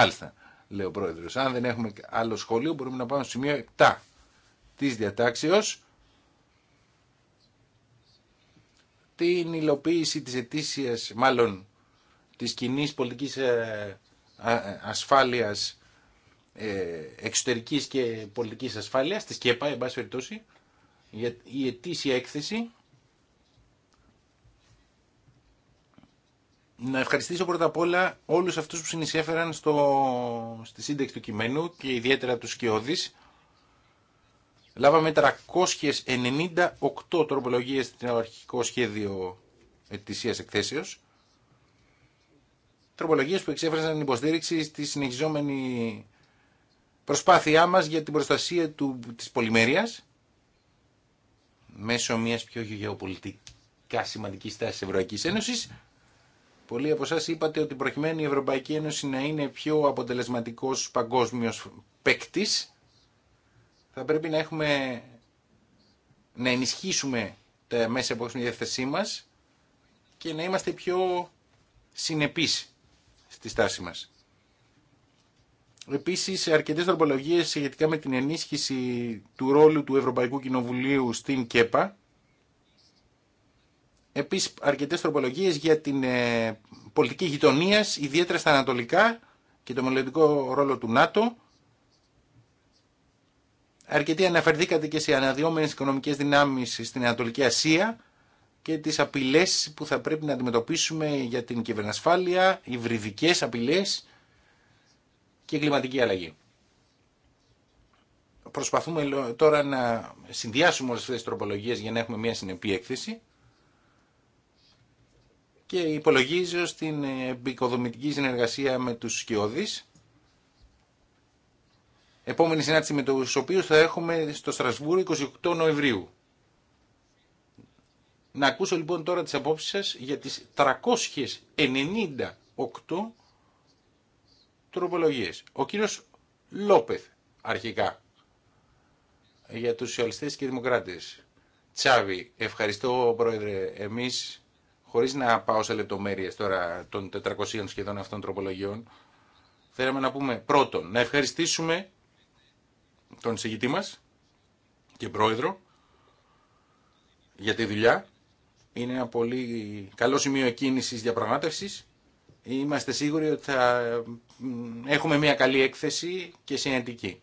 Μάλιστα, λέει ο πρόεδρο. Αν δεν έχουμε άλλο σχολείο μπορούμε να πάμε στο σημείο 7 τη διατάξεω. Την υλοποίηση της ετήσιας, μάλλον της κοινή πολιτικής ε, ε, ασφάλειας, ε, εξωτερικής και πολιτικής ασφάλειας, της ΚΕΠΑ, εν πάση η ετήσια έκθεση να ευχαριστήσω πρώτα απ' όλα όλους αυτούς που συνεισέφεραν στο, στη σύνταξη του κειμένου και ιδιαίτερα τους Σκιώδης. Λάβαμε 398 τροπολογίες στην αρχικό σχέδιο ετησίας εκθέσεως. Τροπολογίες που εξέφρασαν υποστήριξη στη συνεχιζόμενη προσπάθειά μας για την προστασία του, της πολυμέρειας μέσω μιας πιο γεωπολιτικά σημαντικής τάσης Ευρωπαϊκής Ένωσης Πολλοί από εσά είπατε ότι προκειμένου η Ευρωπαϊκή Ένωση να είναι πιο αποτελεσματικός παγκόσμιο παίκτη, θα πρέπει να έχουμε να ενισχύσουμε τα μέσα που έχουμε διάθεσή μα και να είμαστε πιο συνεπεί στη στάση μας. Επίση, αρκετέ τροπολογίες σχετικά με την ενίσχυση του ρόλου του Ευρωπαϊκού Κοινοβουλίου στην ΚΕΠΑ Επίση αρκετέ τροπολογίε για την ε, πολιτική γειτονία, ιδιαίτερα στα ανατολικά και το μελλοντικό ρόλο του ΝΑΤΟ. Αρκετοί αναφερθήκατε και σε αναδυόμενες οικονομικέ δυνάμει στην Ανατολική Ασία και τι απειλέ που θα πρέπει να αντιμετωπίσουμε για την κυβερνασφάλεια, υβριδικέ απειλέ και κλιματική αλλαγή. Προσπαθούμε τώρα να συνδυάσουμε όλες αυτές τις τροπολογίες για να έχουμε μια συνεπή έκθεση και υπολογίζω στην επικοδομητική συνεργασία με τους Σκιώδης. Επόμενη συνάντηση με τους οποίους θα έχουμε στο Στρασβούργο 28 Νοεμβρίου. Να ακούσω λοιπόν τώρα τις απόψεις σας για τις 398 τροπολογίες. Ο κύριος Λόπεθ αρχικά για τους σοσιαλιστές και δημοκράτες. Τσάβη, ευχαριστώ πρόεδρε εμείς Χωρί να πάω σε λεπτομέρειε τώρα των 400 σχεδόν αυτών τροπολογιών, θέλαμε να πούμε πρώτον να ευχαριστήσουμε τον εισηγητή μας και πρόεδρο για τη δουλειά. Είναι ένα πολύ καλό σημείο κίνησης διαπραγμάτευση Είμαστε σίγουροι ότι θα έχουμε μια καλή έκθεση και συνεντική.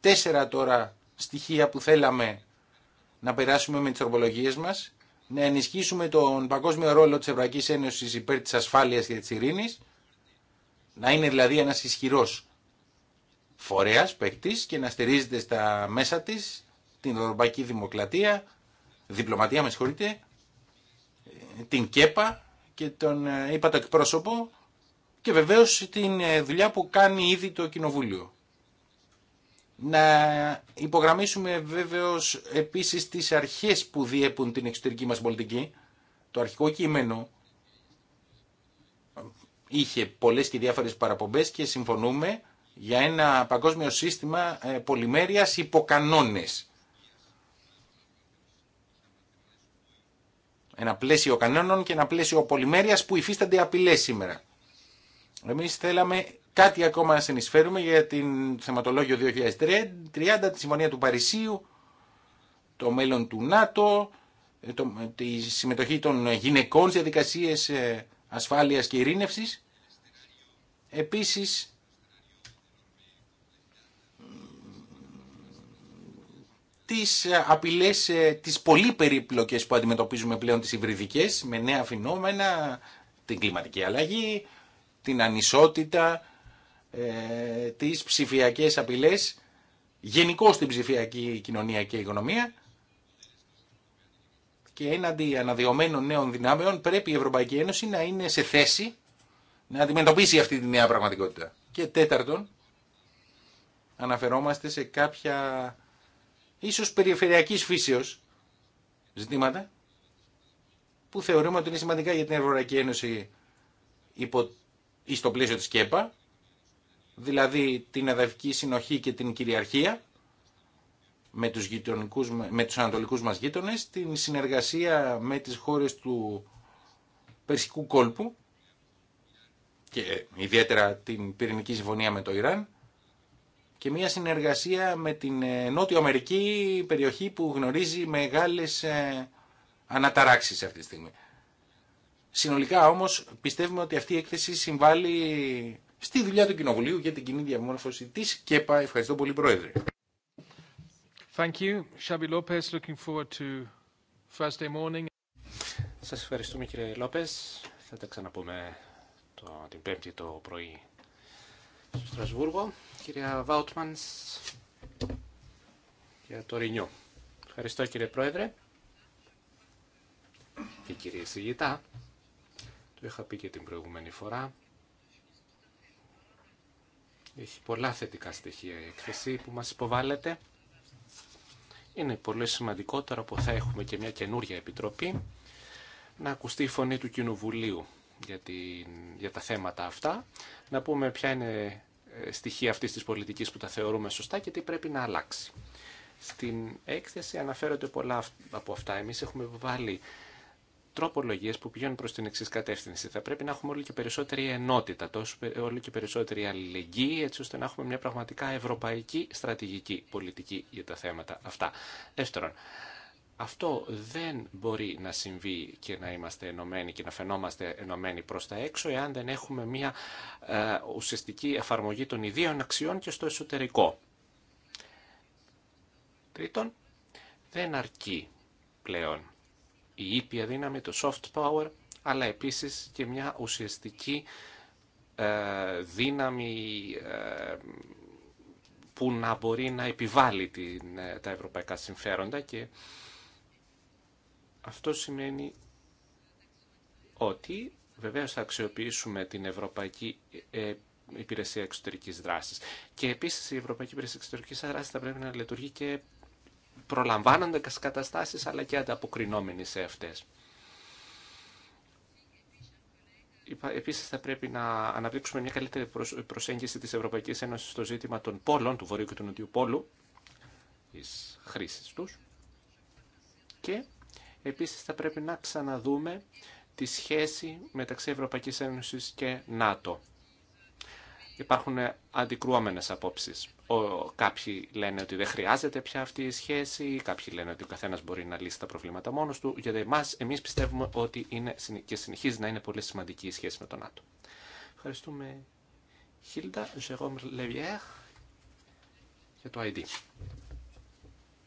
Τέσσερα τώρα στοιχεία που θέλαμε να περάσουμε με τις τροπολογίες μας να ενισχύσουμε τον παγκόσμιο ρόλο της Ευρωπαϊκής Ένωσης υπέρ της ασφάλειας και της ειρήνης, να είναι δηλαδή ένας ισχυρός φορέας, παίκτη και να στηρίζεται στα μέσα της την Ευρωπαϊκή Δημοκρατία, διπλωματία με συγχωρείτε, την ΚΕΠΑ και τον ε, είπα το εκπρόσωπο και βεβαίως την ε, δουλειά που κάνει ήδη το Κοινοβούλιο. Να υπογραμμίσουμε βέβαιως επίσης τις αρχές που διέπουν την εξωτερική μας πολιτική. Το αρχικό κείμενο είχε πολλές και διάφορες παραπομπές και συμφωνούμε για ένα παγκόσμιο σύστημα ε, πολυμέρειας υποκανόνες. Ένα πλαίσιο κανόνων και ένα πλαίσιο πολυμέρειας που υφίστανται απειλές σήμερα. Εμείς θέλαμε Κάτι ακόμα συνεισφέρουμε για την θεματολόγιο 2030, τη Συμφωνία του Παρισίου, το μέλλον του ΝΑΤΟ, τη συμμετοχή των γυναικών σε διαδικασίες ε, ασφάλειας και ειρήνευσης. Επίσης, τις απειλές, ε, τις πολύ περίπλοκες που αντιμετωπίζουμε πλέον τις υβριδικές, με νέα φαινόμενα, την κλιματική αλλαγή, την ανισότητα, ε, τις ψηφιακές απειλές, γενικώ στην ψηφιακή κοινωνία και οικονομία και έναντι αναδειωμένων νέων δυνάμεων πρέπει η Ευρωπαϊκή Ένωση να είναι σε θέση να αντιμετωπίσει αυτή τη νέα πραγματικότητα. Και τέταρτον, αναφερόμαστε σε κάποια ίσως περιφερειακής φύσεως ζητήματα που θεωρούμε ότι είναι σημαντικά για την Ευρωπαϊκή Ένωση υπό, στο πλαίσιο της ΚΕΠΑ δηλαδή την εδαφική συνοχή και την κυριαρχία με τους, γειτονικούς, με τους ανατολικούς μας γείτονες, την συνεργασία με τις χώρες του Περσικού κόλπου και ιδιαίτερα την πυρηνική συμφωνία με το Ιράν και μια συνεργασία με την ε, Νότιο Αμερική περιοχή που γνωρίζει μεγάλες ε, αναταράξεις αυτή τη στιγμή. Συνολικά όμως πιστεύουμε ότι αυτή η έκθεση συμβάλλει στη δουλειά του Κοινοβουλίου για την κοινή διαμόρφωση τη ΚΕΠΑ. Ευχαριστώ πολύ, Πρόεδρε. Thank you. Shabby Lopez, looking forward to Thursday morning. Σας ευχαριστούμε κύριε Λόπες. Θα τα ξαναπούμε το, την Πέμπτη το πρωί στο Στρασβούργο. Κυρία Βάουτμανς για το Ρινιό. Ευχαριστώ κύριε Πρόεδρε και κύριε Συγητά. Το είχα πει και την προηγούμενη φορά. Έχει πολλά θετικά στοιχεία η έκθεση που μας υποβάλλεται. Είναι πολύ σημαντικότερο που θα έχουμε και μια καινούργια επιτροπή να ακουστεί η φωνή του Κοινοβουλίου για, την, για τα θέματα αυτά, να πούμε ποια είναι ε, στοιχεία αυτής της πολιτικής που τα θεωρούμε σωστά και τι πρέπει να αλλάξει. Στην έκθεση αναφέρονται πολλά από αυτά. Εμείς έχουμε βάλει τροπολογίε που πηγαίνουν προ την εξή κατεύθυνση. Θα πρέπει να έχουμε όλο και περισσότερη ενότητα, τόσο, όλο και περισσότερη αλληλεγγύη, έτσι ώστε να έχουμε μια πραγματικά ευρωπαϊκή στρατηγική πολιτική για τα θέματα αυτά. Δεύτερον, αυτό δεν μπορεί να συμβεί και να είμαστε ενωμένοι και να φαινόμαστε ενωμένοι προς τα έξω εάν δεν έχουμε μια ε, ουσιαστική εφαρμογή των ιδίων αξιών και στο εσωτερικό. Τρίτον, δεν αρκεί πλέον η ήπια δύναμη, το soft power, αλλά επίσης και μια ουσιαστική ε, δύναμη ε, που να μπορεί να επιβάλλει την, ε, τα ευρωπαϊκά συμφέροντα και αυτό σημαίνει ότι βεβαίως θα αξιοποιήσουμε την Ευρωπαϊκή Υπηρεσία Εξωτερικής Δράσης. Και επίσης η Ευρωπαϊκή Υπηρεσία Εξωτερικής Δράσης θα πρέπει να λειτουργεί και προλαμβάνοντας καταστάσεις αλλά και ανταποκρινόμενοι σε αυτές. Επίση, θα πρέπει να αναπτύξουμε μια καλύτερη προσέγγιση τη Ευρωπαϊκή Ένωση στο ζήτημα των πόλων, του Βορείου και του Νοτιού Πόλου, τη χρήση του. Και επίση, θα πρέπει να ξαναδούμε τη σχέση μεταξύ Ευρωπαϊκή Ένωση και ΝΑΤΟ. Υπάρχουν αντικρουόμενες απόψεις. Ο, κάποιοι λένε ότι δεν χρειάζεται πια αυτή η σχέση, κάποιοι λένε ότι ο καθένας μπορεί να λύσει τα προβλήματα μόνος του. γιατί εμάς, εμείς πιστεύουμε ότι είναι και συνεχίζει να είναι πολύ σημαντική η σχέση με τον ΝΑΤΟ. Ευχαριστούμε Χίλτα Ζερόμ Λεβιέρ για το ID.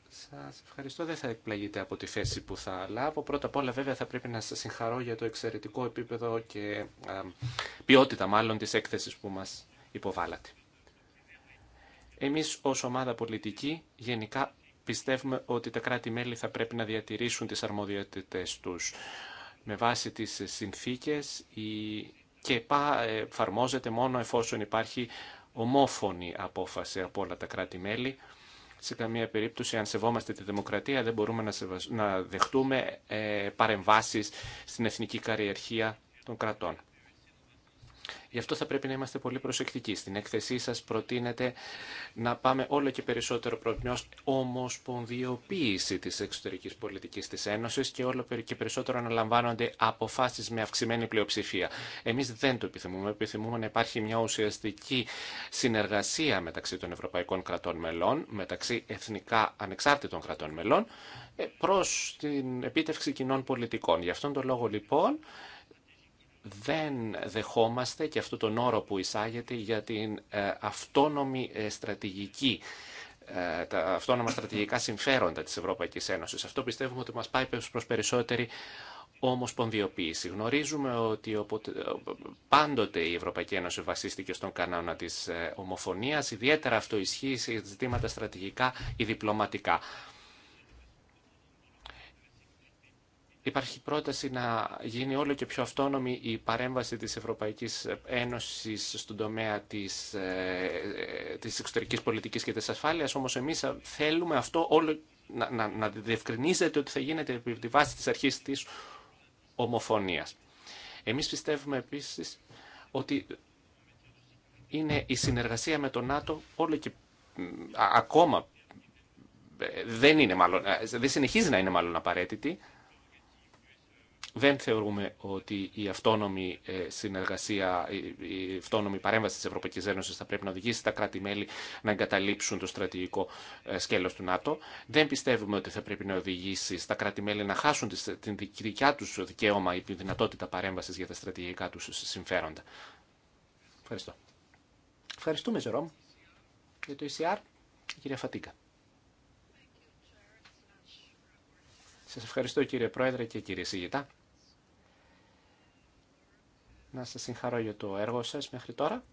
Σας ευχαριστώ. Δεν θα εκπλαγείτε από τη θέση που θα λάβω. Πρώτα απ' όλα βέβαια θα πρέπει να σας συγχαρώ για το εξαιρετικό επίπεδο και α, ποιότητα μάλλον της έκθεση που μας υποβάλατε. Εμείς ως ομάδα πολιτική γενικά πιστεύουμε ότι τα κράτη-μέλη θα πρέπει να διατηρήσουν τις αρμοδιότητες τους. Με βάση τις συνθήκες και εφαρμόζεται μόνο εφόσον υπάρχει ομόφωνη απόφαση από όλα τα κράτη-μέλη. Σε καμία περίπτωση, αν σεβόμαστε τη δημοκρατία, δεν μπορούμε να, δεχτούμε ε, παρεμβάσεις στην εθνική καριερχία των κρατών. Γι' αυτό θα πρέπει να είμαστε πολύ προσεκτικοί. Στην έκθεσή σα προτείνετε να πάμε όλο και περισσότερο προς μια ομοσπονδιοποίηση τη εξωτερική πολιτική τη Ένωση και όλο και περισσότερο να λαμβάνονται αποφάσεις με αυξημένη πλειοψηφία. Εμεί δεν το επιθυμούμε. Επιθυμούμε να υπάρχει μια ουσιαστική συνεργασία μεταξύ των ευρωπαϊκών κρατών μελών, μεταξύ εθνικά ανεξάρτητων κρατών μελών, ε, προ την επίτευξη κοινών πολιτικών. Γι' αυτόν τον λόγο λοιπόν δεν δεχόμαστε και αυτό τον όρο που εισάγεται για την ε, αυτόνομη ε, στρατηγική ε, τα αυτόνομα στρατηγικά συμφέροντα της Ευρωπαϊκής Ένωσης. Αυτό πιστεύουμε ότι μας πάει προς περισσότερη ομοσπονδιοποίηση. Γνωρίζουμε ότι πάντοτε η Ευρωπαϊκή Ένωση βασίστηκε στον κανόνα της ομοφωνίας, ιδιαίτερα αυτό ισχύει σε ζητήματα στρατηγικά ή διπλωματικά. Υπάρχει πρόταση να γίνει όλο και πιο αυτόνομη η παρέμβαση της Ευρωπαϊκής Ένωσης στον τομέα της, ε, της εξωτερικής πολιτικής και της ασφάλειας, όμως εμείς θέλουμε αυτό όλο να, να, να διευκρινίζεται ότι θα γίνεται επί τη βάση της αρχής της ομοφωνίας. Εμείς πιστεύουμε επίσης ότι είναι η συνεργασία με τον ΝΑΤΟ όλο και ακόμα ε, δεν είναι ε, δεν συνεχίζει να είναι μάλλον απαραίτητη, δεν θεωρούμε ότι η αυτόνομη ε, συνεργασία, η αυτόνομη παρέμβαση της Ευρωπαϊκής Ένωσης θα πρέπει να οδηγήσει τα κράτη-μέλη να εγκαταλείψουν το στρατηγικό ε, σκέλος του ΝΑΤΟ. Δεν πιστεύουμε ότι θα πρέπει να οδηγήσει τα κράτη-μέλη να χάσουν την δικιά τους δικαίωμα ή τη δυνατότητα παρέμβασης για τα στρατηγικά τους συμφέροντα. Ευχαριστώ. Ευχαριστούμε, Ζερόμ, για το ECR, η κυρία Φατίκα. Σας ευχαριστώ κύριε Πρόεδρε και κύριε Σίγητα να σας συγχαρώ για το έργο σας μέχρι τώρα.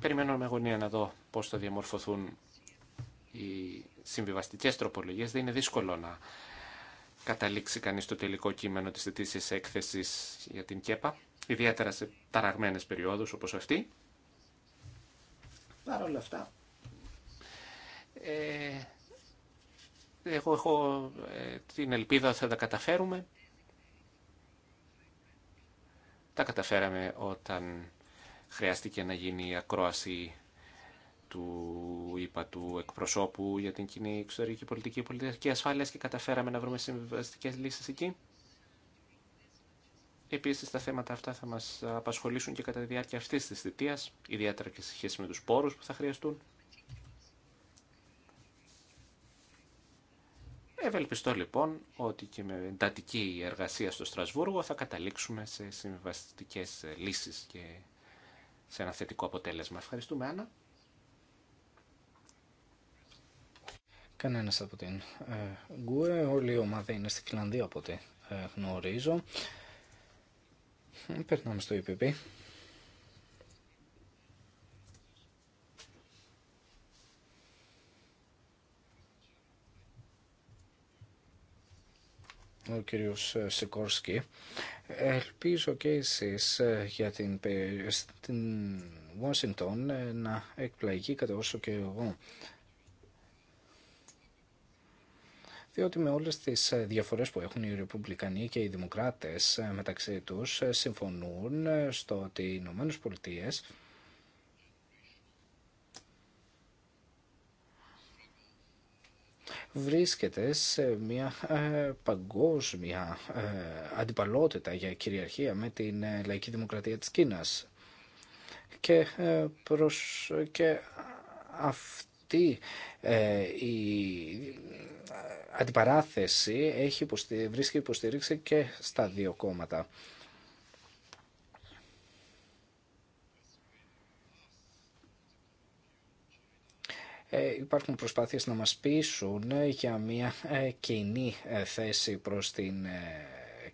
Περιμένω με αγωνία να δω πώς θα διαμορφωθούν οι συμβιβαστικές τροπολογίες. Δεν είναι δύσκολο να καταλήξει κανείς το τελικό κείμενο της θετήσης έκθεσης για την ΚΕΠΑ, ιδιαίτερα σε ταραγμένες περιόδους όπως αυτή. Παρ' όλα αυτά, ε, εγώ έχω ε, την ελπίδα ότι θα τα καταφέρουμε. Τα καταφέραμε όταν χρειάστηκε να γίνει η ακρόαση του είπα του εκπροσώπου για την κοινή εξωτερική πολιτική πολιτική ασφάλεια και καταφέραμε να βρούμε συμβαστικές λύσεις εκεί. Επίσης τα θέματα αυτά θα μας απασχολήσουν και κατά τη διάρκεια αυτής της θητείας, ιδιαίτερα και σε σχέση με τους πόρους που θα χρειαστούν. Ευελπιστώ λοιπόν ότι και με εντατική εργασία στο Στρασβούργο θα καταλήξουμε σε συμβαστικές λύσεις και σε ένα θετικό αποτέλεσμα. Ευχαριστούμε Άννα. Κανένας από την ε, Γκουε, όλη η ομάδα είναι στη Φιλανδία από ό,τι ε, γνωρίζω. Ε, περνάμε στο EPP. ο κύριος ε, Σικόρσκι. Ελπίζω και εσείς ε, για την, την Washington ε, να εκπλαγεί κατά όσο και εγώ. διότι με όλες τις διαφορές που έχουν οι Ρεπουμπλικανοί και οι Δημοκράτες μεταξύ τους συμφωνούν στο ότι οι Ηνωμένε Πολιτείες βρίσκεται σε μια ε, παγκόσμια ε, αντιπαλότητα για κυριαρχία με την ε, λαϊκή δημοκρατία της Κίνας. Και, προς, και αυτή η αντιπαράθεση έχει βρίσκει υποστήριξη και στα δύο κόμματα. Ε, υπάρχουν προσπάθειες να μας πείσουν ε, για μια ε, κοινή θέση προς την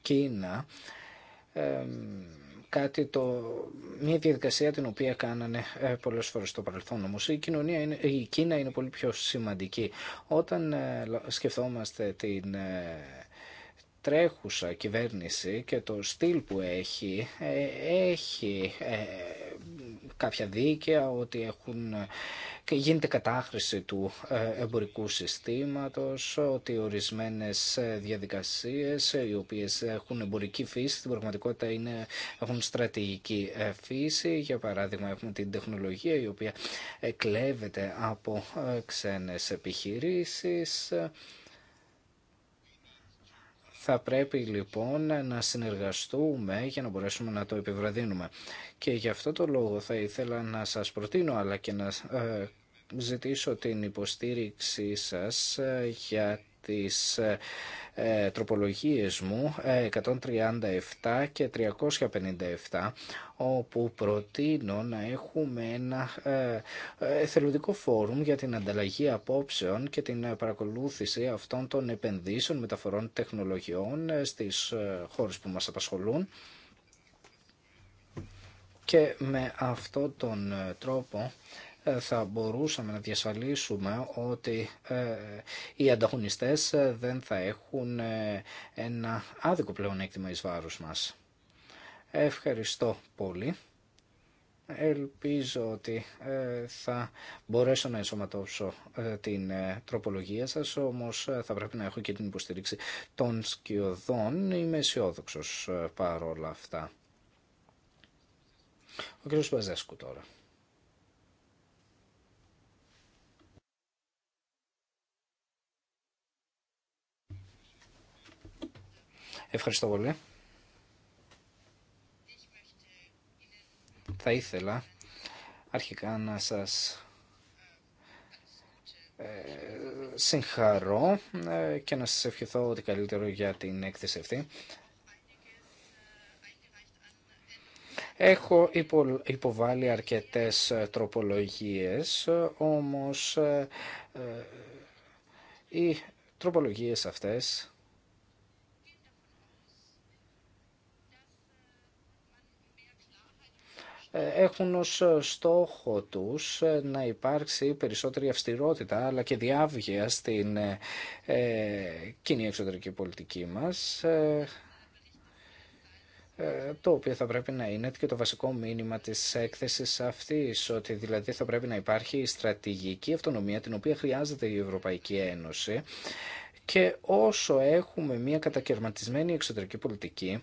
Κίνα κάτι το, μια διαδικασία την οποία κάνανε πολλές φορές στο παρελθόν όμως η, κοινωνία η Κίνα είναι πολύ πιο σημαντική όταν σκεφτόμαστε την τρέχουσα κυβέρνηση και το στυλ που έχει έχει κάποια δίκαια, ότι έχουν, ε, γίνεται κατάχρηση του ε, εμπορικού συστήματος, ότι ορισμένες ε, διαδικασίες οι οποίες έχουν εμπορική φύση, στην πραγματικότητα είναι, έχουν στρατηγική φύση. Για παράδειγμα έχουμε την τεχνολογία η οποία κλέβεται από ξένες επιχειρήσεις. Θα πρέπει λοιπόν να συνεργαστούμε για να μπορέσουμε να το επιβραδύνουμε. Και γι' αυτό το λόγο θα ήθελα να σας προτείνω αλλά και να ε, ζητήσω την υποστήριξή σας ε, για τις ε, ε, τροπολογίες μου 137 ε, και 357 όπου προτείνω να έχουμε ένα εθελοντικό φόρουμ για την ανταλλαγή απόψεων και την παρακολούθηση αυτών των επενδύσεων μεταφορών τεχνολογιών στις χώρες που μας απασχολούν και με αυτόν τον τρόπο θα μπορούσαμε να διασφαλίσουμε ότι ε, οι ανταγωνιστές ε, δεν θα έχουν ε, ένα άδικο πλεονέκτημα εις βάρος μας. Ευχαριστώ πολύ. Ελπίζω ότι θα μπορέσω να ενσωματώσω την τροπολογία σας, όμως θα πρέπει να έχω και την υποστήριξη των σκιωδών. Είμαι αισιόδοξο παρόλα αυτά. Ο κ. Παζέσκου τώρα. Ευχαριστώ πολύ. Θα ήθελα αρχικά να σας ε, συγχαρώ ε, και να σας ευχηθώ ότι καλύτερο για την έκθεση αυτή. Έχω υποβάλει αρκετές ε, τροπολογίες, όμως οι τροπολογίες αυτές Ε, έχουν ως ε, στόχο τους ε, να υπάρξει περισσότερη αυστηρότητα αλλά και διάβγεια στην κοινή εξωτερική πολιτική μας το οποίο θα πρέπει να είναι και το βασικό μήνυμα της έκθεσης αυτής, ότι δηλαδή θα πρέπει να υπάρχει η στρατηγική αυτονομία την οποία χρειάζεται η Ευρωπαϊκή Ένωση και όσο έχουμε μια κατακαιρματισμένη εξωτερική πολιτική,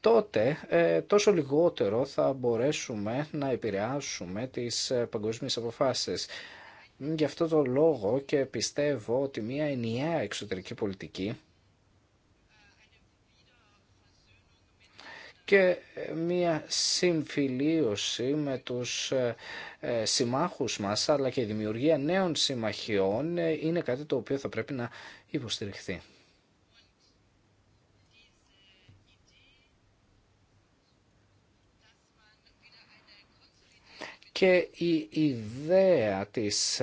τότε ε, τόσο λιγότερο θα μπορέσουμε να επηρεάσουμε τις ε, παγκόσμιες αποφάσεις. Γι' αυτό το λόγο και πιστεύω ότι μια ενιαία εξωτερική πολιτική και ε, μια συμφιλίωση με τους συμμάχους μας αλλά και η δημιουργία νέων συμμαχιών είναι κάτι το οποίο θα πρέπει να υποστηριχθεί. και η ιδέα της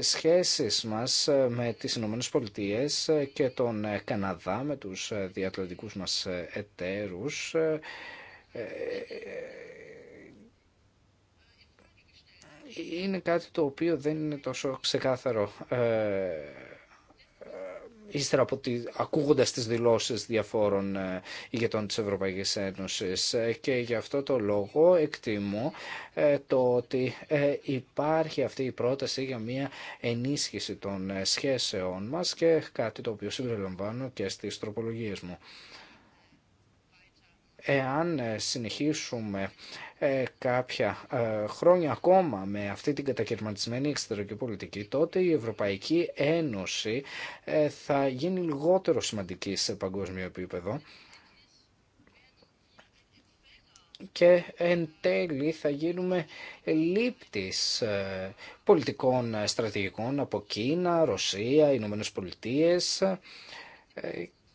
σχέσης μας με τις Ηνωμένες Πολιτείες και τον Καναδά, με τους διατλαντικούς μας εταίρους, είναι κάτι το οποίο δεν είναι τόσο ξεκάθαρο ύστερα από τη, ακούγοντας τις δηλώσεις διαφόρων ε, ηγετών της Ευρωπαϊκής Ένωσης ε, και γι' αυτό το λόγο εκτιμώ ε, το ότι υπάρχει αυτή η πρόταση για μια ενίσχυση των σχέσεών μας και κάτι το οποίο συμπεριλαμβάνω και στις τροπολογίες μου εάν ε, συνεχίσουμε ε, κάποια ε, χρόνια ακόμα με αυτή την κατακαιρματισμένη εξωτερική πολιτική, τότε η Ευρωπαϊκή Ένωση θα γίνει λιγότερο σημαντική σε παγκόσμιο επίπεδο και εν τέλει θα γίνουμε λήπτης πολιτικών στρατηγικών από Κίνα, Ρωσία, Ηνωμένε Πολιτείες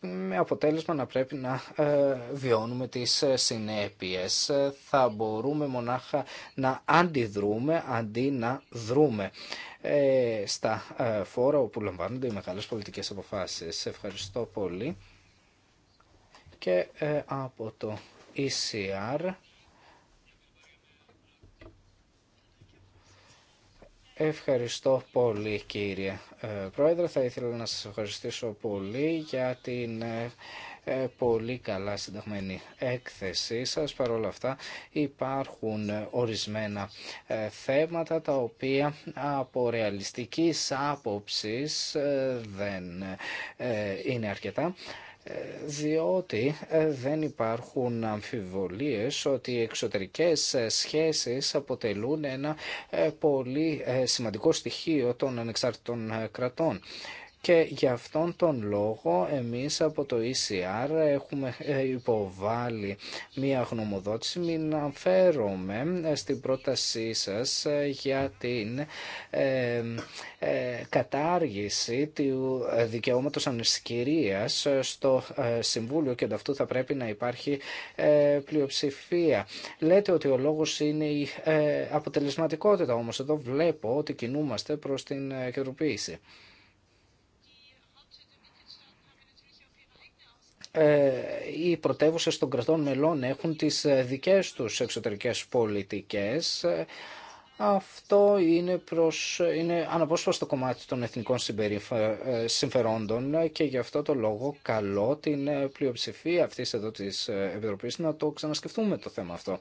με αποτέλεσμα να πρέπει να ε, βιώνουμε τις ε, συνέπειες. Ε, θα μπορούμε μονάχα να αντιδρούμε αντί να δρούμε στα φόρα όπου λαμβάνονται οι μεγάλες πολιτικές αποφάσεις. Ευχαριστώ πολύ. Και από το ECR Ευχαριστώ πολύ κύριε ε, Πρόεδρε. Θα ήθελα να σας ευχαριστήσω πολύ για την ε, ε, πολύ καλά συνταγμένη έκθεσή σας. Παρ' όλα αυτά υπάρχουν ορισμένα θέματα τα οποία από ρεαλιστικής άποψης δεν είναι αρκετά. Ε, διότι ε, δεν υπάρχουν αμφιβολίες ότι οι εξωτερικές ε, σχέσεις αποτελούν ένα πολύ σημαντικό στοιχείο των ανεξάρτητων κρατών. Και γι' αυτόν τον λόγο εμείς από το ECR έχουμε ε, υποβάλει μία γνωμοδότηση. Μην αναφέρομαι ε, στην πρότασή σας ε, για την κατάργηση του δικαιώματος ανησυχηρίας στο Συμβούλιο και αυτού θα πρέπει να υπάρχει ε, πλειοψηφία. Λέτε ότι ο λόγος είναι η αποτελεσματικότητα, όμως εδώ βλέπω ότι κινούμαστε προς την κεντροποίηση. Ε, οι πρωτεύουσες των κρατών μελών έχουν τις ε, δικές τους εξωτερικές πολιτικές. Ε, αυτό είναι, προς, είναι αναπόσπαστο κομμάτι των εθνικών συμφερόντων και γι' αυτό το λόγο καλό την πλειοψηφία αυτής εδώ της Επιτροπής να το ξανασκεφτούμε το θέμα αυτό.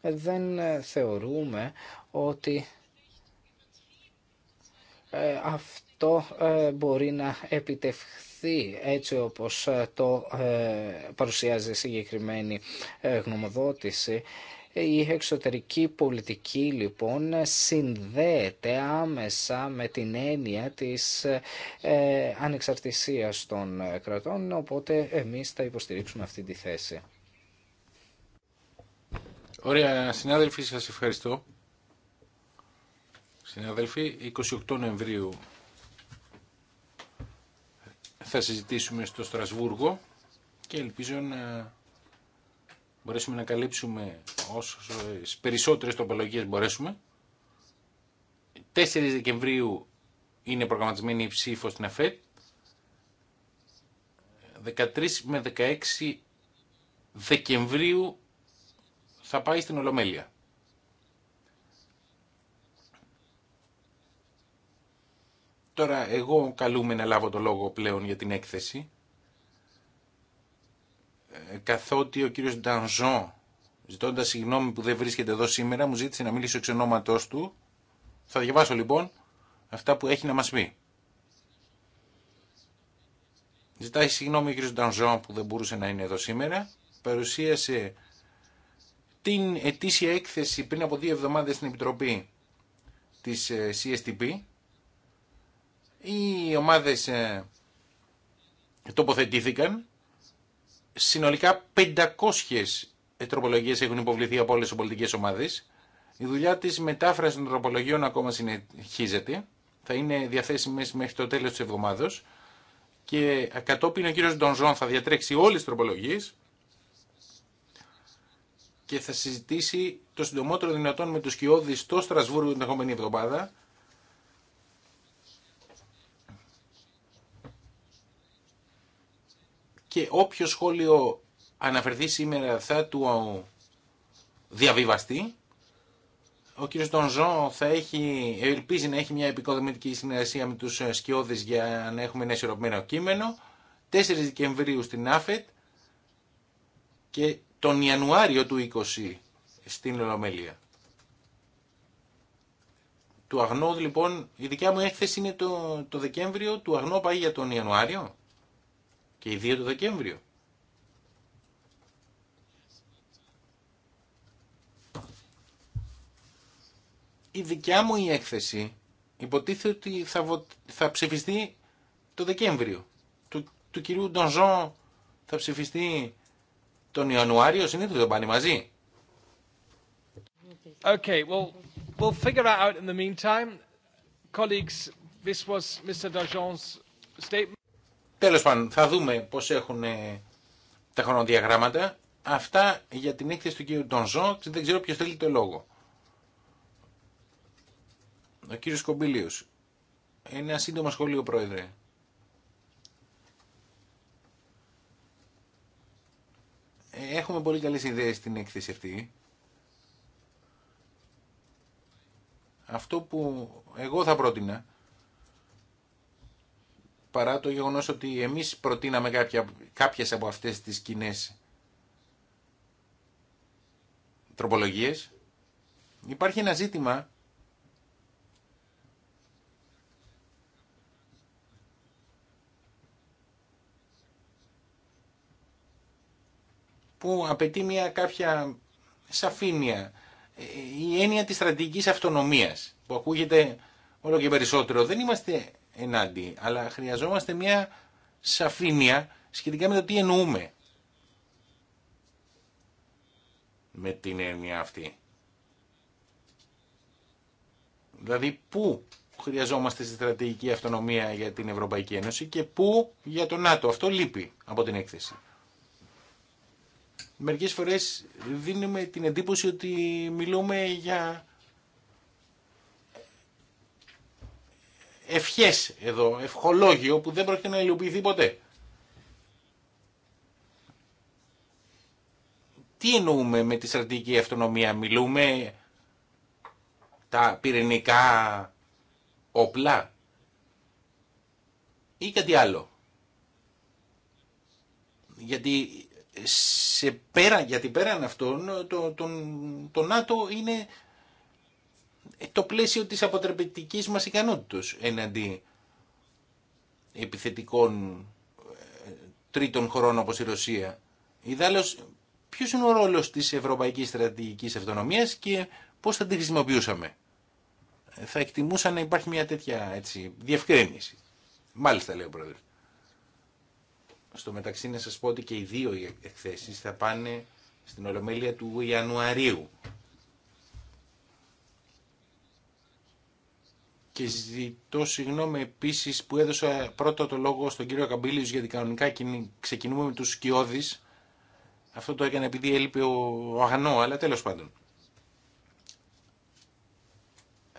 Δεν θεωρούμε ότι ε, αυτό ε, μπορεί να επιτευχθεί έτσι όπως ε, το παρουσιάζει η συγκεκριμένη γνωμοδότηση. Η εξωτερική πολιτική λοιπόν συνδέεται άμεσα με την έννοια της ε, ανεξαρτησίας των κρατών, οπότε εμείς θα υποστηρίξουμε αυτή τη θέση. Ωραία συνάδελφοι, σας ευχαριστώ συνάδελφοι. 28 Νοεμβρίου θα συζητήσουμε στο Στρασβούργο και ελπίζω να μπορέσουμε να καλύψουμε όσες περισσότερες τοπολογίες μπορέσουμε. 4 Δεκεμβρίου είναι προγραμματισμένη η ψήφο στην ΑΦΕΤ. 13 με 16 Δεκεμβρίου θα πάει στην Ολομέλεια. Τώρα εγώ καλούμε να λάβω το λόγο πλέον για την έκθεση ε, καθότι ο κύριος Ντανζό ζητώντα συγγνώμη που δεν βρίσκεται εδώ σήμερα μου ζήτησε να μιλήσω εξ ονόματός του θα διαβάσω λοιπόν αυτά που έχει να μας πει. Ζητάει συγγνώμη ο κύριος Ντανζό που δεν μπορούσε να είναι εδώ σήμερα. Παρουσίασε την ετήσια έκθεση πριν από δύο εβδομάδες στην Επιτροπή της ε, CSTP οι ομάδες ε, τοποθετήθηκαν. Συνολικά 500 ε, τροπολογίες έχουν υποβληθεί από όλες τις πολιτικές ομάδες. Η δουλειά της μετάφρασης των τροπολογιών ακόμα συνεχίζεται. Θα είναι διαθέσιμες μέχρι το τέλος της εβδομάδος. Και κατόπιν ο κύριος Ντονζόν θα διατρέξει όλες τις τροπολογίες και θα συζητήσει το συντομότερο δυνατόν με τους κοιόδης στο Στρασβούργο την επόμενη εβδομάδα και όποιο σχόλιο αναφερθεί σήμερα θα του διαβιβαστεί. Ο κ. Τονζό θα έχει, ελπίζει να έχει μια επικοδομητική συνεργασία με τους σκιώδεις για να έχουμε ένα ισορροπημένο κείμενο. 4 Δεκεμβρίου στην ΑΦΕΤ και τον Ιανουάριο του 20 στην Ολομέλεια. Του Αγνώ, λοιπόν, η δικιά μου έκθεση είναι το, το Δεκέμβριο, του Αγνώ πάει για τον Ιανουάριο και οι δύο το Δεκέμβριο. Η δικιά μου η έκθεση υποτίθεται ότι θα, βο... θα ψηφιστεί το Δεκέμβριο. Του, του κυρίου Ντονζόν θα ψηφιστεί τον Ιανουάριο, συνήθως δεν πάνε μαζί. Okay, well, we'll figure that out in the meantime. Colleagues, this was Mr. Dajon's statement. Τέλος πάντων, θα δούμε πώς έχουν ε, τα χρονοδιαγράμματα. Αυτά για την έκθεση του κ. Τονζό, δεν ξέρω ποιος θέλει το λόγο. Ο κύριος Κομπίλιος. Ένα σύντομο σχόλιο, Πρόεδρε. Ε, έχουμε πολύ καλές ιδέες στην έκθεση αυτή. Αυτό που εγώ θα πρότεινα παρά το γεγονός ότι εμείς προτείναμε κάποια, κάποιες από αυτές τις κοινέ τροπολογίες. Υπάρχει ένα ζήτημα που απαιτεί μια κάποια σαφήνεια. Η έννοια της στρατηγικής αυτονομίας που ακούγεται όλο και περισσότερο. Δεν είμαστε ενάντι, αλλά χρειαζόμαστε μια σαφήνεια σχετικά με το τι εννοούμε με την έννοια αυτή. Δηλαδή πού χρειαζόμαστε στη στρατηγική αυτονομία για την Ευρωπαϊκή Ένωση και πού για το ΝΑΤΟ. Αυτό λείπει από την έκθεση. Μερικές φορές δίνουμε την εντύπωση ότι μιλούμε για ευχές εδώ, ευχολόγιο που δεν πρόκειται να υλοποιηθεί ποτέ. Τι εννοούμε με τη στρατηγική αυτονομία, μιλούμε τα πυρηνικά όπλα ή κάτι άλλο. Γιατί σε πέρα, γιατί πέραν αυτό το, το, το, ΝΑΤΟ είναι το πλαίσιο της αποτρεπτικής μας ικανότητος εναντί επιθετικών ε, τρίτων χωρών όπως η Ρωσία. Ιδάλλως, ποιος είναι ο ρόλος της ευρωπαϊκής στρατηγικής αυτονομίας και πώς θα τη χρησιμοποιούσαμε. Θα εκτιμούσα να υπάρχει μια τέτοια έτσι, διευκρίνηση. Μάλιστα, λέει ο πρόεδρος. Στο μεταξύ να σας πω ότι και οι δύο εκθέσεις θα πάνε στην Ολομέλεια του Ιανουαρίου. και ζητώ συγγνώμη επίσης που έδωσα πρώτο το λόγο στον κύριο Καμπίλιο γιατί κανονικά ξεκινούμε με τους Σκιώδη. Αυτό το έκανε επειδή έλειπε ο Αγανό, αλλά τέλος πάντων.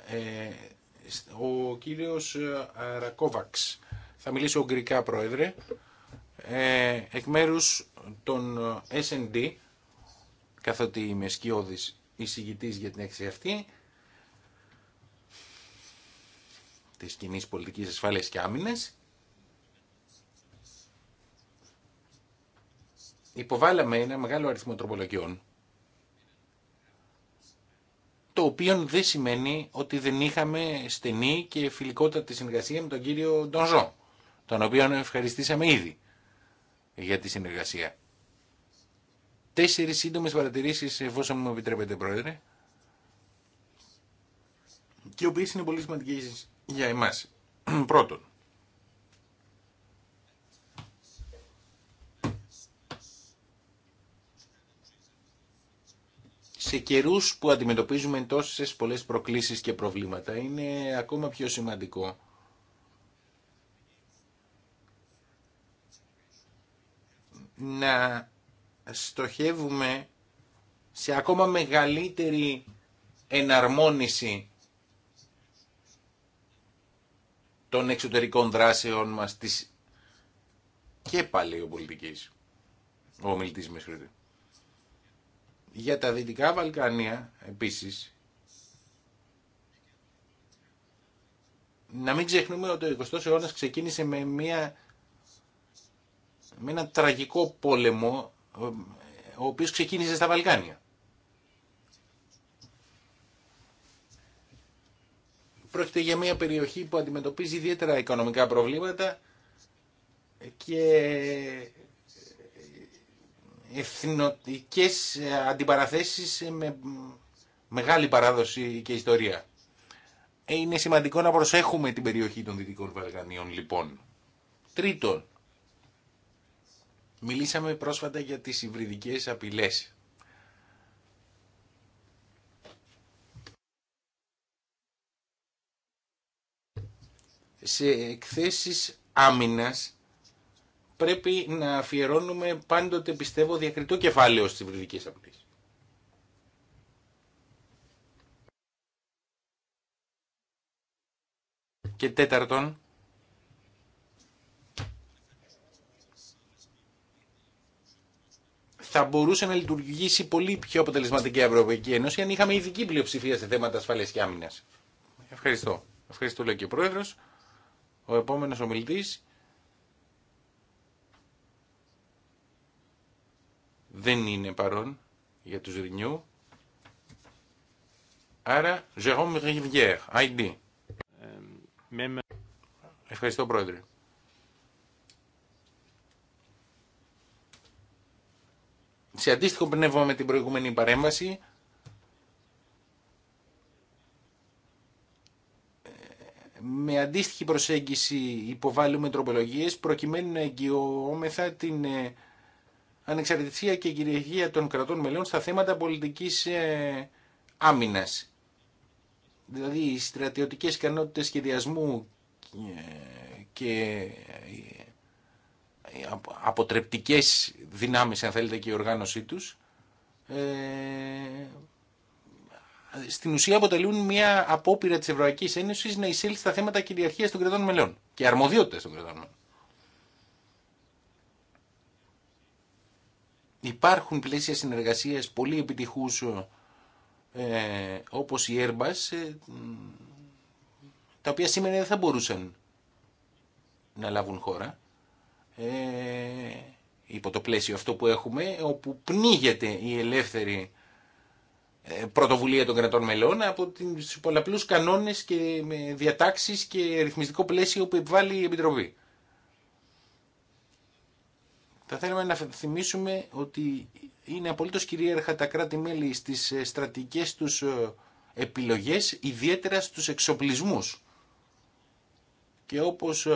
Ε, ο κύριος ε, Ρακόβαξ θα μιλήσω ογκρικά πρόεδρε ε, εκ μέρους των S&D καθότι είμαι σκιώδης εισηγητής για την έκθεση αυτή της κοινή πολιτικής ασφάλειας και Άμυνες Υποβάλαμε ένα μεγάλο αριθμό τροπολογιών, το οποίο δεν σημαίνει ότι δεν είχαμε στενή και φιλικότατη συνεργασία με τον κύριο Ντονζό, τον οποίο ευχαριστήσαμε ήδη για τη συνεργασία. Τέσσερις σύντομες παρατηρήσεις, εφόσον μου επιτρέπετε, Πρόεδρε, και οι οποίες είναι πολύ σημαντικές για εμάς. Πρώτον, σε καιρού που αντιμετωπίζουμε τόσες πολλές προκλήσεις και προβλήματα είναι ακόμα πιο σημαντικό να στοχεύουμε σε ακόμα μεγαλύτερη εναρμόνιση των εξωτερικών δράσεων μας της και παλαιοπολιτικής. Ο ομιλητής με Για τα Δυτικά Βαλκάνια επίσης να μην ξεχνούμε ότι ο 20ος αιώνας ξεκίνησε με, μια, με ένα τραγικό πόλεμο ο οποίος ξεκίνησε στα Βαλκάνια. Πρόκειται για μια περιοχή που αντιμετωπίζει ιδιαίτερα οικονομικά προβλήματα και εθνοτικές αντιπαραθέσεις με μεγάλη παράδοση και ιστορία. Είναι σημαντικό να προσέχουμε την περιοχή των Δυτικών Βαλκανίων λοιπόν. Τρίτον, μιλήσαμε πρόσφατα για τις υβριδικές απειλές. σε εκθέσεις άμυνας πρέπει να αφιερώνουμε πάντοτε πιστεύω διακριτό κεφάλαιο στις βρυδικές απειλές. Και τέταρτον, θα μπορούσε να λειτουργήσει πολύ πιο αποτελεσματική η Ευρωπαϊκή Ένωση αν είχαμε ειδική πλειοψηφία σε θέματα ασφαλείας και άμυνας. Ευχαριστώ. Ευχαριστώ λέει και ο Πρόεδρος. Ο επόμενος ομιλητής δεν είναι παρόν για τους Ρινιού. Άρα, Jérôme Rivière, ID. Ευχαριστώ, Πρόεδρε. Σε αντίστοιχο πνεύμα με την προηγούμενη παρέμβαση, με αντίστοιχη προσέγγιση υποβάλλουμε τροπολογίες προκειμένου να εγγυόμεθα την ε, ανεξαρτησία και κυριαρχία των κρατών μελών στα θέματα πολιτικής ε, άμυνας. Δηλαδή οι στρατιωτικές ικανότητες σχεδιασμού ε, και αποτρεπτικές δυνάμεις αν θέλετε και η οργάνωσή τους στην ουσία αποτελούν μια απόπειρα τη Ευρωπαϊκή Ένωση να εισέλθει στα θέματα κυριαρχίας των κρατών μελών και αρμοδιότητα των κρατών μελών. Υπάρχουν πλαίσια συνεργασία πολύ επιτυχού ε, όπως η Airbus, ε, τα οποία σήμερα δεν θα μπορούσαν να λάβουν χώρα ε, υπό το πλαίσιο αυτό που έχουμε, όπου πνίγεται η ελεύθερη ε, πρωτοβουλία των κρατών μελών από τους πολλαπλούς κανόνες και διατάξεις και ρυθμιστικό πλαίσιο που επιβάλλει η Επιτροπή. Θα θέλαμε να θυμίσουμε ότι είναι απολύτως κυρίαρχα τα κράτη-μέλη στις ε, στρατηγικές τους ε, επιλογές, ιδιαίτερα στους εξοπλισμούς. Και όπως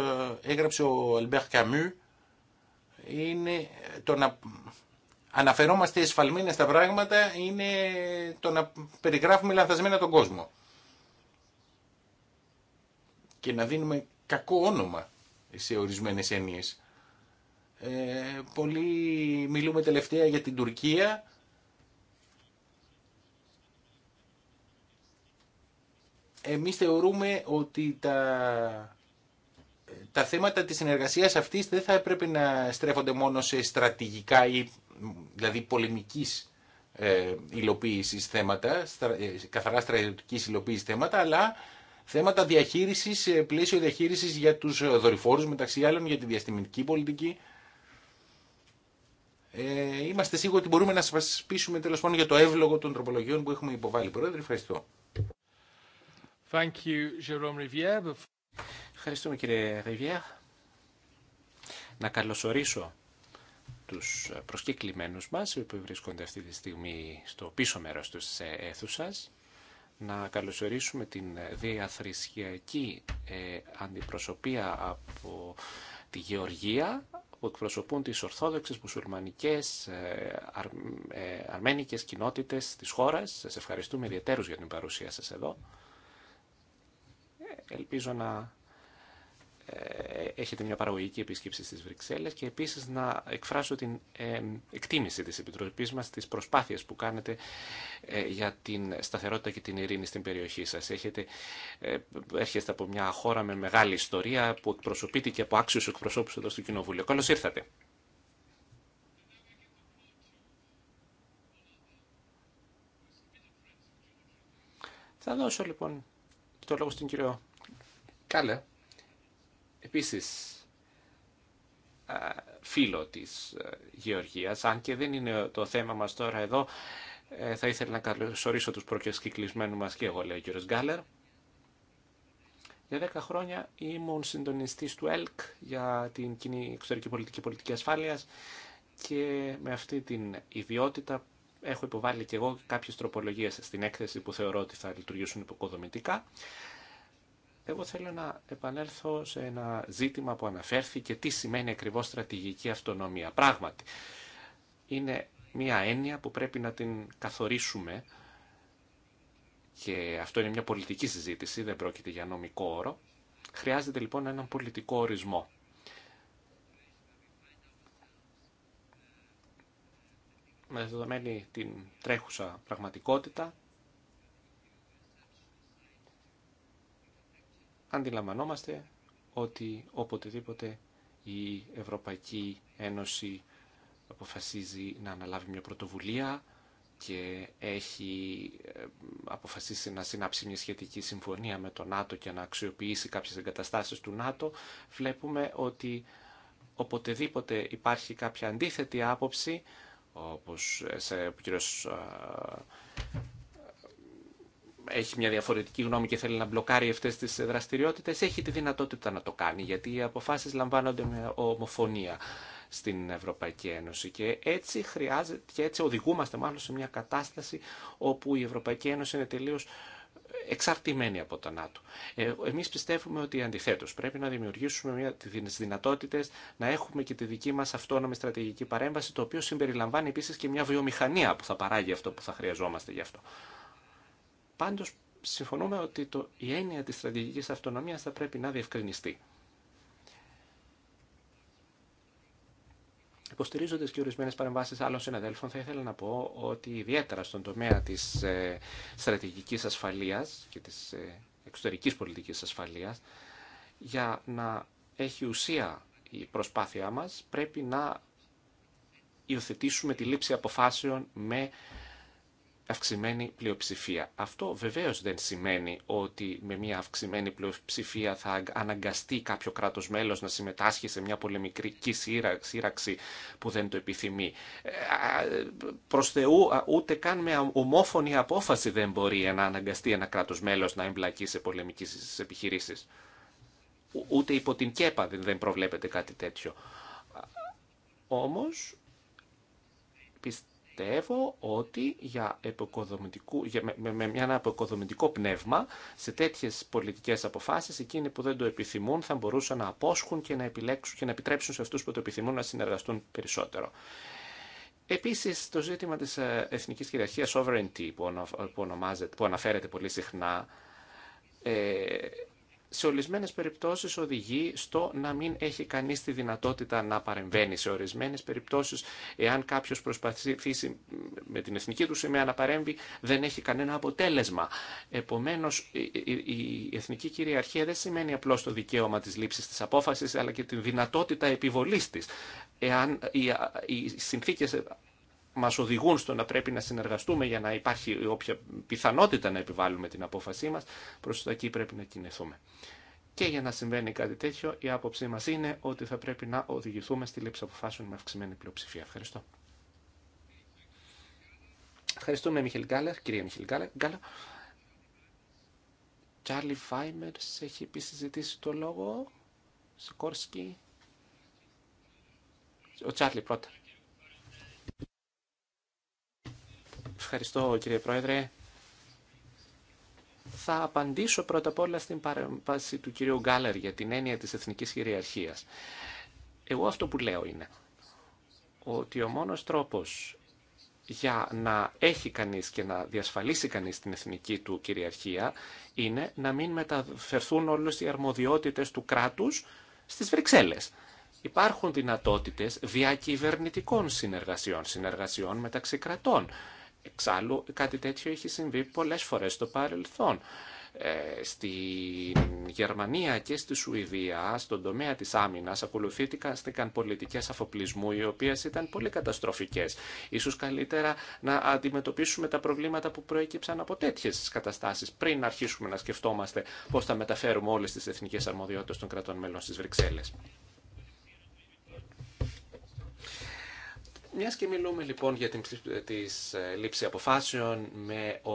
έγραψε ο Αλμπέρ Καμού, είναι το να αναφερόμαστε εσφαλμένα στα πράγματα είναι το να περιγράφουμε λανθασμένα τον κόσμο. Και να δίνουμε κακό όνομα σε ορισμένες έννοιες. Ε, πολύ μιλούμε τελευταία για την Τουρκία. Εμείς θεωρούμε ότι τα, τα θέματα της συνεργασίας αυτής δεν θα έπρεπε να στρέφονται μόνο σε στρατηγικά ή δηλαδή πολεμικής ε, υλοποίησης θέματα, ε, καθαρά στρατιωτικής υλοποίηση θέματα, αλλά θέματα διαχείρισης, ε, πλαίσιο διαχείριση για τους ε, δορυφόρους, μεταξύ άλλων για τη διαστημική πολιτική. Ε, είμαστε σίγουροι ότι μπορούμε να σα πείσουμε τέλο πάντων για το εύλογο των τροπολογιών που έχουμε υποβάλει. Πρόεδρε, ευχαριστώ. Ευχαριστούμε κύριε Ριβιέρ. Να καλωσορίσω τους προσκεκλημένους μας που βρίσκονται αυτή τη στιγμή στο πίσω μέρος της αίθουσας να καλωσορίσουμε την διαθρησιακή ε, αντιπροσωπεία από τη Γεωργία που εκπροσωπούν τις Ορθόδοξες Μουσουλμανικές ε, αρ, ε, Αρμένικες κοινότητες της χώρας. Σας ευχαριστούμε ιδιαίτερους για την παρουσία σας εδώ. Ελπίζω να ε, έχετε μια παραγωγική επισκέψη στις Βρυξέλλες και επίσης να εκφράσω την ε, εκτίμηση της Επιτροπής μας, τις προσπάθειες που κάνετε ε, για την σταθερότητα και την ειρήνη στην περιοχή σας. Έχετε, έρχεστε από μια χώρα με μεγάλη ιστορία που εκπροσωπείται και από άξιους εκπροσώπους εδώ στο Κοινοβούλιο. Καλώς ήρθατε. Θα δώσω λοιπόν το λόγο στην κύριο Κάλε Επίσης, φίλο της Γεωργίας, αν και δεν είναι το θέμα μας τώρα εδώ, ε, θα ήθελα να καλωσορίσω τους προκεσκυκλισμένους μας και εγώ, λέει ο κύριος Γκάλερ. Για δέκα χρόνια ήμουν συντονιστής του ΕΛΚ για την κοινή εξωτερική πολιτική πολιτική ασφάλειας και με αυτή την ιδιότητα έχω υποβάλει και εγώ κάποιες τροπολογίες στην έκθεση που θεωρώ ότι θα λειτουργήσουν υποκοδομητικά. Εγώ θέλω να επανέλθω σε ένα ζήτημα που αναφέρθηκε, τι σημαίνει ακριβώς στρατηγική αυτονομία. Πράγματι, είναι μια έννοια που πρέπει να την καθορίσουμε και αυτό είναι μια πολιτική συζήτηση, δεν πρόκειται για νομικό όρο. Χρειάζεται λοιπόν έναν πολιτικό ορισμό. Με δεδομένη την τρέχουσα πραγματικότητα, αντιλαμβανόμαστε ότι οποτεδήποτε η Ευρωπαϊκή Ένωση αποφασίζει να αναλάβει μια πρωτοβουλία και έχει ε, αποφασίσει να συνάψει μια σχετική συμφωνία με το ΝΑΤΟ και να αξιοποιήσει κάποιες εγκαταστάσεις του ΝΑΤΟ, βλέπουμε ότι οποτεδήποτε υπάρχει κάποια αντίθετη άποψη, όπως ο κ έχει μια διαφορετική γνώμη και θέλει να μπλοκάρει αυτέ τι δραστηριότητε, έχει τη δυνατότητα να το κάνει, γιατί οι αποφάσει λαμβάνονται με ομοφωνία στην Ευρωπαϊκή Ένωση. Και έτσι χρειάζεται, και έτσι οδηγούμαστε μάλλον σε μια κατάσταση όπου η Ευρωπαϊκή Ένωση είναι τελείω εξαρτημένη από το ΝΑΤΟ. Ε, εμείς πιστεύουμε ότι αντιθέτω πρέπει να δημιουργήσουμε μια, τις δυνατότητες να έχουμε και τη δική μας αυτόνομη στρατηγική παρέμβαση, το οποίο συμπεριλαμβάνει επίση και μια βιομηχανία που θα παράγει αυτό που θα χρειαζόμαστε γι' αυτό. Πάντως, συμφωνούμε ότι το, η έννοια της στρατηγικής αυτονομίας θα πρέπει να διευκρινιστεί. Υποστηρίζοντα και ορισμένε παρεμβάσει άλλων συναδέλφων, θα ήθελα να πω ότι ιδιαίτερα στον τομέα τη ε, στρατηγική ασφαλεία και τη ε, εξωτερική πολιτική ασφαλεία, για να έχει ουσία η προσπάθειά μα, πρέπει να υιοθετήσουμε τη λήψη αποφάσεων με αυξημένη πλειοψηφία. Αυτό βεβαίως δεν σημαίνει ότι με μια αυξημένη πλειοψηφία θα αναγκαστεί κάποιο κράτος μέλος να συμμετάσχει σε μια πολεμική σύραξη που δεν το επιθυμεί. Ε, προς Θεού ούτε καν με ομόφωνη απόφαση δεν μπορεί να αναγκαστεί ένα κράτος μέλος να εμπλακεί σε πολεμικές επιχειρήσεις. Ούτε υπό την ΚΕΠΑ δεν προβλέπεται κάτι τέτοιο. Όμως πιστεύω ότι για για, με, με, ένα αποκοδομητικό πνεύμα σε τέτοιες πολιτικές αποφάσεις εκείνοι που δεν το επιθυμούν θα μπορούσαν να απόσχουν και να επιλέξουν και να επιτρέψουν σε αυτούς που το επιθυμούν να συνεργαστούν περισσότερο. Επίσης το ζήτημα της ε, εθνικής κυριαρχίας sovereignty που, που αναφέρεται πολύ συχνά ε, σε ορισμένε περιπτώσει οδηγεί στο να μην έχει κανεί τη δυνατότητα να παρεμβαίνει. Σε ορισμένε περιπτώσει, εάν κάποιο προσπαθήσει με την εθνική του σημαία να παρέμβει, δεν έχει κανένα αποτέλεσμα. Επομένω, η εθνική κυριαρχία δεν σημαίνει απλώ το δικαίωμα τη λήψη τη απόφαση, αλλά και τη δυνατότητα επιβολή τη. Εάν οι συνθήκε μας οδηγούν στο να πρέπει να συνεργαστούμε για να υπάρχει όποια πιθανότητα να επιβάλλουμε την απόφασή μας, προς τα εκεί πρέπει να κινηθούμε. Και για να συμβαίνει κάτι τέτοιο, η άποψή μα είναι ότι θα πρέπει να οδηγηθούμε στη λήψη αποφάσεων με αυξημένη πλειοψηφία. Ευχαριστώ. Ευχαριστούμε, Μιχελ Γκάλερ, κυρία Μιχελ Γκάλερ. Τσάρλι Φάιμερ έχει επίση ζητήσει το λόγο. Σικόρσκι. Ο Τσάρλι πρώτα. Ευχαριστώ κύριε Πρόεδρε. Θα απαντήσω πρώτα απ' όλα στην παρέμβαση του κυρίου Γκάλερ για την έννοια της εθνικής κυριαρχίας. Εγώ αυτό που λέω είναι ότι ο μόνος τρόπος για να έχει κανείς και να διασφαλίσει κανείς την εθνική του κυριαρχία είναι να μην μεταφερθούν όλες οι αρμοδιότητες του κράτους στις Βρυξέλλες. Υπάρχουν δυνατότητες διακυβερνητικών συνεργασιών, συνεργασιών μεταξύ κρατών. Εξάλλου κάτι τέτοιο έχει συμβεί πολλές φορές στο παρελθόν. Ε, στην Γερμανία και στη Σουηδία, στον τομέα της άμυνας, ακολουθήθηκαν πολιτικές αφοπλισμού, οι οποίες ήταν πολύ καταστροφικές. Ίσως καλύτερα να αντιμετωπίσουμε τα προβλήματα που προέκυψαν από τέτοιες καταστάσεις, πριν να αρχίσουμε να σκεφτόμαστε πώς θα μεταφέρουμε όλες τις εθνικές αρμοδιότητες των κρατών μέλων στις Βρυξέλλες. Μια και μιλούμε λοιπόν για την της ε, λήψη αποφάσεων με ο,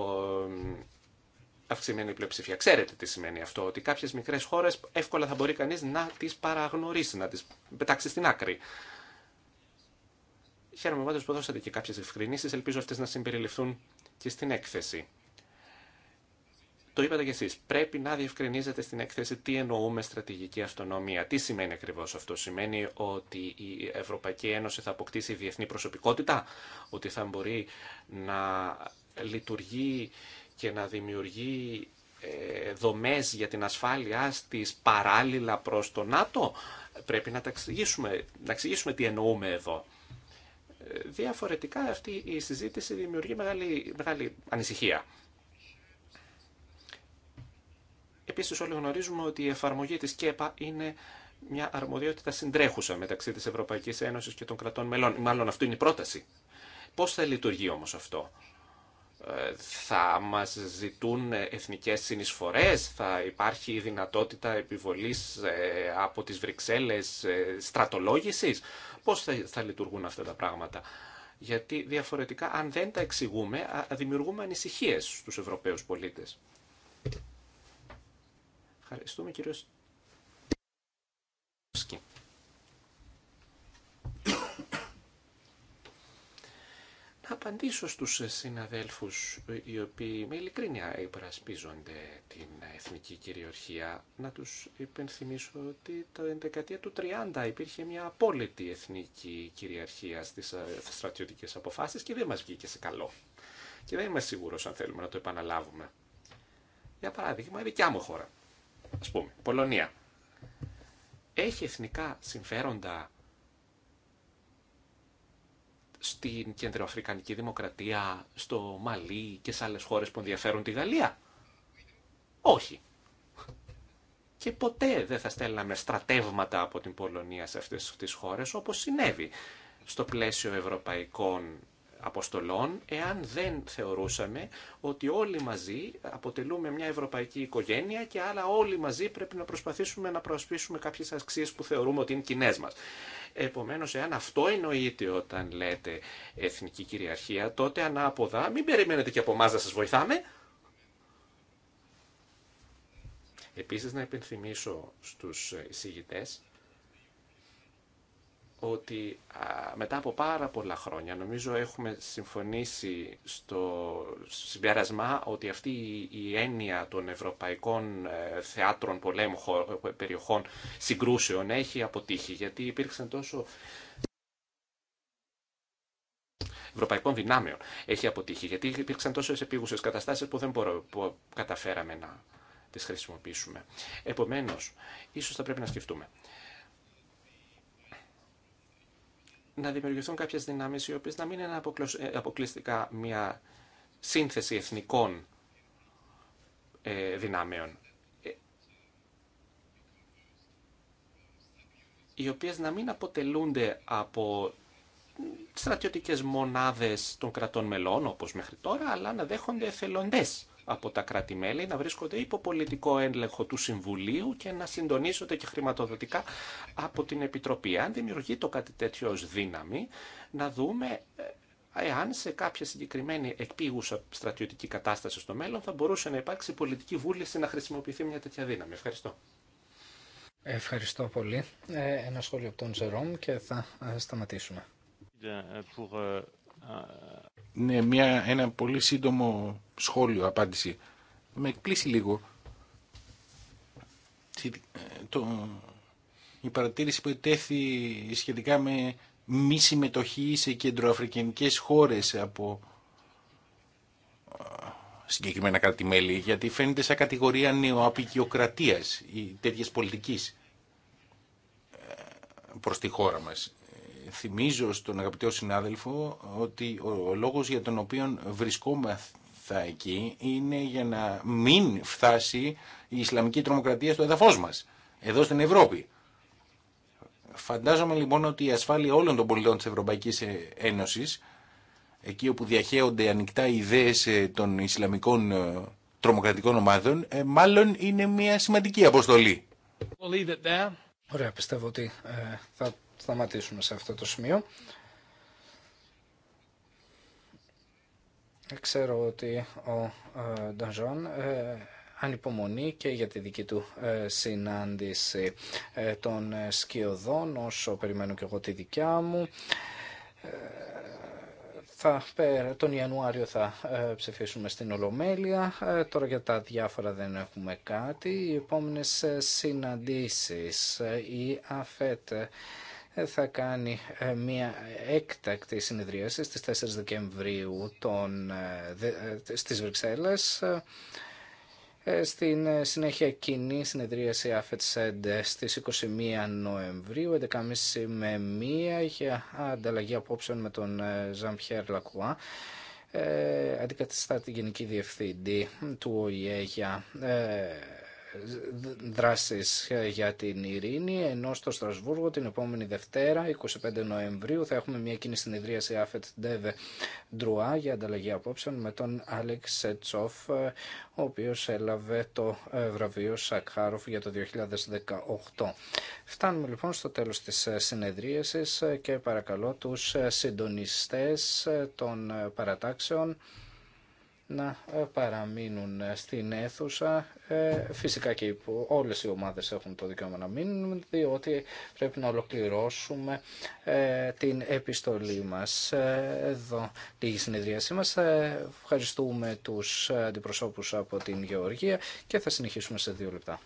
αυξημένη πλειοψηφία. Ξέρετε τι σημαίνει αυτό, ότι κάποιες μικρές χώρες εύκολα θα μπορεί κανείς να τις παραγνωρίσει, να τις πετάξει στην άκρη. Χαίρομαι πάντως που δώσατε και κάποιες ευκρινήσεις, ελπίζω αυτές να συμπεριληφθούν και στην έκθεση. Το είπατε κι εσείς, πρέπει να διευκρινίζετε στην έκθεση τι εννοούμε στρατηγική αυτονομία. Τι σημαίνει ακριβώς αυτό. Σημαίνει ότι η Ευρωπαϊκή Ένωση θα αποκτήσει διεθνή προσωπικότητα, ότι θα μπορεί να λειτουργεί και να δημιουργεί ε, δομές για την ασφάλειά της παράλληλα προς το ΝΑΤΟ. Πρέπει να τα εξηγήσουμε, να εξηγήσουμε τι εννοούμε εδώ. Ε, διαφορετικά αυτή η συζήτηση δημιουργεί μεγάλη, μεγάλη ανησυχία. Επίση όλοι γνωρίζουμε ότι η εφαρμογή τη ΚΕΠΑ είναι μια αρμοδιότητα συντρέχουσα μεταξύ τη Ευρωπαϊκή Ένωση και των κρατών μελών. Μάλλον αυτό είναι η πρόταση. Πώ θα λειτουργεί όμω αυτό. Ε, θα μας ζητούν εθνικές συνεισφορές, θα υπάρχει η δυνατότητα επιβολής ε, από τις Βρυξέλλες ε, στρατολόγησης. Πώς θα λειτουργούν αυτά τα πράγματα. Γιατί διαφορετικά αν δεν τα εξηγούμε δημιουργούμε ανησυχίες στους Ευρωπαίους πολίτες. Ευχαριστούμε κύριος Να απαντήσω στους συναδέλφους οι οποίοι με ειλικρίνεια υπερασπίζονται την εθνική κυριαρχία. Να τους υπενθυμίσω ότι το δεκαετία του 30 υπήρχε μια απόλυτη εθνική κυριαρχία ε, στις στρατιωτικές αποφάσεις και δεν μας βγήκε σε καλό. Και δεν είμαι σίγουρος αν θέλουμε να το επαναλάβουμε. Για παράδειγμα, η δικιά μου χώρα. Ας πούμε, Πολωνία. Έχει εθνικά συμφέροντα στην Κεντροαφρικανική Δημοκρατία, στο Μαλί και σε άλλες χώρες που ενδιαφέρουν τη Γαλλία. Όχι. Και ποτέ δεν θα στέλναμε στρατεύματα από την Πολωνία σε αυτές τις χώρες, όπως συνέβη στο πλαίσιο ευρωπαϊκών αποστολών, εάν δεν θεωρούσαμε ότι όλοι μαζί αποτελούμε μια ευρωπαϊκή οικογένεια και άλλα όλοι μαζί πρέπει να προσπαθήσουμε να προασπίσουμε κάποιες αξίες που θεωρούμε ότι είναι κοινέ μας. Επομένως, εάν αυτό εννοείται όταν λέτε εθνική κυριαρχία, τότε ανάποδα μην περιμένετε και από εμά να σας βοηθάμε. Επίσης, να επενθυμίσω στους εισηγητές ότι μετά από πάρα πολλά χρόνια νομίζω έχουμε συμφωνήσει στο συμπέρασμα ότι αυτή η έννοια των ευρωπαϊκών ε, θεάτρων πολέμου ε, περιοχών συγκρούσεων έχει αποτύχει γιατί υπήρξαν τόσο ευρωπαϊκών δυνάμεων έχει αποτύχει γιατί υπήρξαν τόσες επίγουσες καταστάσεις που δεν μπορώ, καταφέραμε να τις χρησιμοποιήσουμε. Επομένως, ίσως θα πρέπει να σκεφτούμε να δημιουργηθούν κάποιες δυνάμεις οι οποίες να μην είναι ε, αποκλειστικά μια σύνθεση εθνικών ε, δυνάμεων. Ε, οι οποίες να μην αποτελούνται από στρατιωτικές μονάδες των κρατών μελών, όπως μέχρι τώρα, αλλά να δέχονται εθελοντές από τα κράτη-μέλη να βρίσκονται υπό πολιτικό έλεγχο του Συμβουλίου και να συντονίζονται και χρηματοδοτικά από την Επιτροπή. Αν δημιουργεί το κάτι τέτοιο ως δύναμη, να δούμε εάν σε κάποια συγκεκριμένη εκπήγουσα στρατιωτική κατάσταση στο μέλλον θα μπορούσε να υπάρξει πολιτική βούληση να χρησιμοποιηθεί μια τέτοια δύναμη. Ευχαριστώ. Ευχαριστώ πολύ. Ένα σχόλιο από τον Ζερόμ και θα σταματήσουμε. Ναι, μια, ένα πολύ σύντομο σχόλιο, απάντηση. Με εκπλήσει λίγο ε, το, η παρατήρηση που ετέθη σχετικά με μη συμμετοχή σε κεντροαφρικανικές χώρες από ε, συγκεκριμένα κράτη-μέλη, γιατί φαίνεται σαν κατηγορία νεοαπικιοκρατίας ή τέτοιες πολιτικής ε, προς τη χώρα μας θυμίζω στον αγαπητό συνάδελφο ότι ο λόγος για τον οποίο βρισκόμαθα εκεί είναι για να μην φτάσει η Ισλαμική τρομοκρατία στο έδαφος μας, εδώ στην Ευρώπη. Φαντάζομαι λοιπόν ότι η ασφάλεια όλων των πολιτών της Ευρωπαϊκής ε, Ένωσης, εκεί όπου διαχέονται ανοιχτά ιδέες ε, των Ισλαμικών ε, τρομοκρατικών ομάδων, μάλλον είναι μια σημαντική αποστολή. Ωραία, πιστεύω ότι θα σταματήσουμε σε αυτό το σημείο. Ξέρω ότι ο ε, ε ανυπομονεί και για τη δική του ε, συνάντηση ε, των σκιωδών, όσο περιμένω και εγώ τη δικιά μου. Θα, τον Ιανουάριο θα ψηφίσουμε στην Ολομέλεια. Τώρα για τα διάφορα δεν έχουμε κάτι. Οι επόμενες συναντήσεις, η αφέτε ε, θα κάνει ε, μια έκτακτη συνεδρίαση στις 4 Δεκεμβρίου των, ε, στις Βρυξέλλες στην συνέχεια κοινή συνεδρίαση ΑΦΕΤΣΕΝΤ στις 21 Νοεμβρίου 11.30 με 1 για ανταλλαγή απόψεων με τον Ζαμπιέρ Λακουά αντικαθιστά την Γενική Διευθύντη του ΟΗΕ για δράσεις για την ειρήνη, ενώ στο Στρασβούργο την επόμενη Δευτέρα, 25 Νοεμβρίου, θα έχουμε μια κοινή συνεδρίαση ΑΦΕΤ ΝΤΕΒΕ Ντρουά για ανταλλαγή απόψεων με τον Άλεξ Σετσόφ, ο οποίος έλαβε το ε, βραβείο Σακχάροφ για το 2018. Φτάνουμε λοιπόν στο τέλος της ε, συνεδρίασης και παρακαλώ τους ε, συντονιστές των παρατάξεων να ε, παραμείνουν ε, στην αίθουσα. Ε, φυσικά και όλες οι ομάδες έχουν το δικαίωμα να μείνουν, διότι πρέπει να ολοκληρώσουμε την επιστολή μας. Εδώ λίγη συνεδρίασή μας. Ευχαριστούμε τους αντιπροσώπους από την Γεωργία και θα συνεχίσουμε σε δύο λεπτά.